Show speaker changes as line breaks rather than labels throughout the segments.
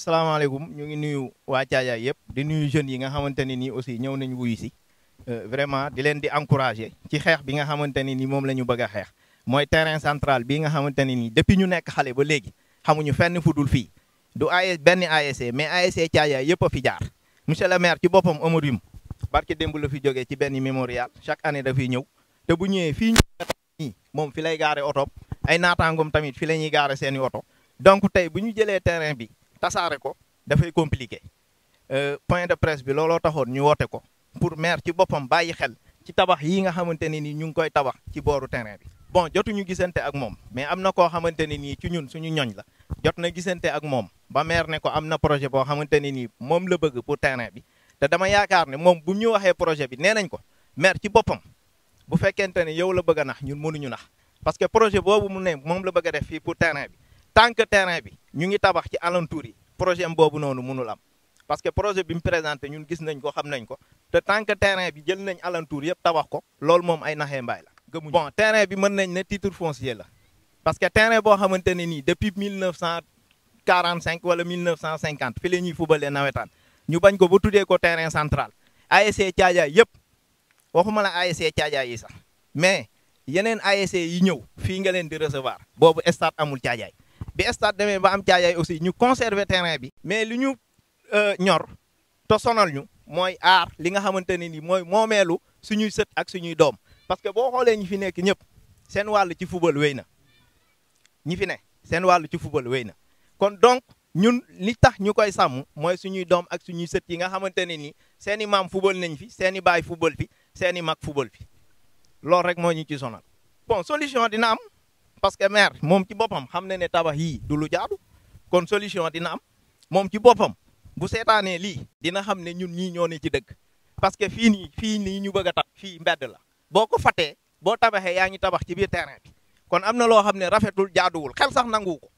salaamaaleykum ñu ngi nuyu waa Caajaay yëpp di nuyu jeunes yi nga xamante ne nii aussi ñëw nañu wuyu si euh, vraiment di leen di encourager ci xeex bi nga xamante ni nii moom la ñu bëgg a xeex mooy terrain central bii nga xamante ni nii depuis ñu nekk xale ba léegi xamuñu fenn fudul dul fii du AS benn ASC mais ASC Caajaay yëpp a fi jaar monsieur le maire ci boppam Amadou Youm barke démb la fi jógee ci benn mémorial chaque année dafay ñëw te bu ñëwee fii ñi moom fi lay gaare oto ay naataangoom tamit fi la ñuy gaare seeni oto donc tey bu ñu jëlee terrain bi tasaare ko dafay compliqué euh, point de presse bi looloo taxoon ñu woote ko pour maire ci boppam bàyyi xel ci tabax yi nga xamante ni nii ñu ngi koy tabax ci booru terrain bi. bon jotuñu gisante ak moom mais am na koo xamante ni nii ci ñun suñu ñoñ la jot na gisante ak moom ba maire ne ko am na projet boo xamante ni nii moom la bëgg pour terrain bi te dama yaakaar ne moom bu ñu waxee projet bi nee nañ ko maire ci boppam bu fekkente ne yow la bëgg a nax ñun mënuñu nax parce que projet boobu mu ne moom la bëgg a def pour terrain bi. tant que terrain bi ñu ngi tabax ci alentour yi projet boobu noonu munu am parce que projet bi mu présenté ñun gis nañ ko xam nañ ko te tant que terrain bi jël nañ alentour yëpp tabax ko loolu moom ay naxee mbaay la gëmuñ bon terrain bi mën nañ ne titre foncier la parce que terrain boo xamante ne nii depuis mille neuf cent quarante cinq wala mille neuf cent cinquante fi la ñuy fubalee nawetaan ñu bañ ko bu tuddee ko terrain central ASC Thiadiaye yëpp waxuma la ASC Thiadiaye yi sax mais yeneen ASC yi ñëw fii nga leen di recevoir boobu stade amul Thiadiaye bi Nous de ba aussi ñu terrain bi. mais nous ñu nous euh, te sonal ñu nous li nga ni suñuy nous ak parce que on Nous ñi fi nous c'est Nous ci football Nous na ñi fi ne football donc nous li nous Nous nous suñuy Nous ak suñuy ni seni football nañ fi seni football football rek nous ñu ci bon solution dina parce que maire moom ci boppam xam na ne tabax yii du lu jaadu kon solution dina am moom ci boppam bu seetaanee lii dina xam ne ñun ñii ñoo ne ci dëkk parce que fii nii fii nii ñu bëgg a tax fii mbedd la boo ko fattee boo tabaxee yaa ngi tabax ci biir terrain bi kon am na loo xam ne rafetul jaaduwul xel sax nangu ko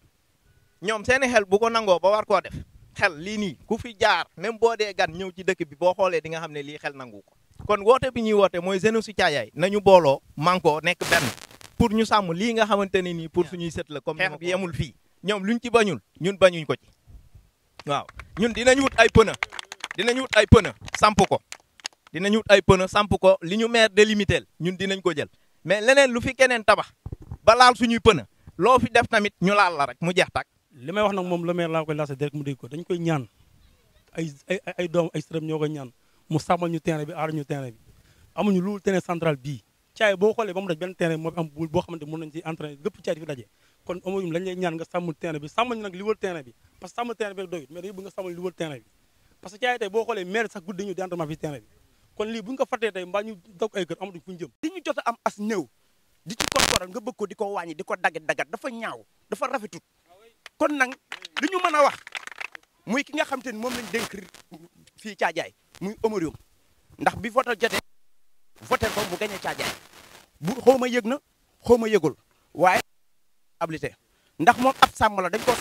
ñoom seeni xel bu ko nangoo ba war koo def xel lii nii ku fi jaar même boo dee gan ñëw ci dëkk bi boo xoolee di nga xam ne lii xel nangu ko kon woote bi ñuy woote mooy jeunesse Thiadiaye nañu booloo mànkoo nekk pour ñu sàmm lii nga xamante ne nii pour suñuy set la comme xeex bi yemul fii ñoom lu ñu ci bañul ñun bañuñ ko ci waaw ñun dina wut ay pneu dinañ wut ay pneu samp ko dinañ wut ay pneu samp ko li ñu maire délimité ñun dinañ ko jël mais leneen lu fi keneen tabax ba laal suñuy pneu loo fi def tamit ñu
laal la rek mu jeex tàkk. li may wax nag moom le maire laa koy lancé direct mu dégg ko dañ koy ñaan ay ay ay doom ay sërëm ñoo koy ñaan mu sàmmal ñu terrain bi aar ñu terrain bi amuñu lu terrain central bii. caay boo xoolee ba mu daj benn terrain moo fi am bul boo xamante mën nañu di fi daje kon amuñu lañ ñaan nga sàmmul terrain bi sàmmal nag li wër terrain bi parce que sàmm bi rek doyut dañu bëgg nga sàmmal li bi parce que tey boo xoolee maire sax guddi ñu di entraînement fi terrain bi kon lii bu ñu ko fàttee tey mbaa ñu dog ay kër amatuñ fu ñu jëm ñu jot a am as néew di ci konkoral nga bëgg ko di ko wàññi di ko daggat daggat dafa ñaaw dafa
rafetut kon nag li ñu a wax muy ki nga xam te ni moom lañ dénk fii caajaay muy Omar Youm ndax bi voté jotee voté ko mu gagné bu xaw ma yëg na xaw ma yëgul waaye habilité ndax moom ab sàmm la dañ ko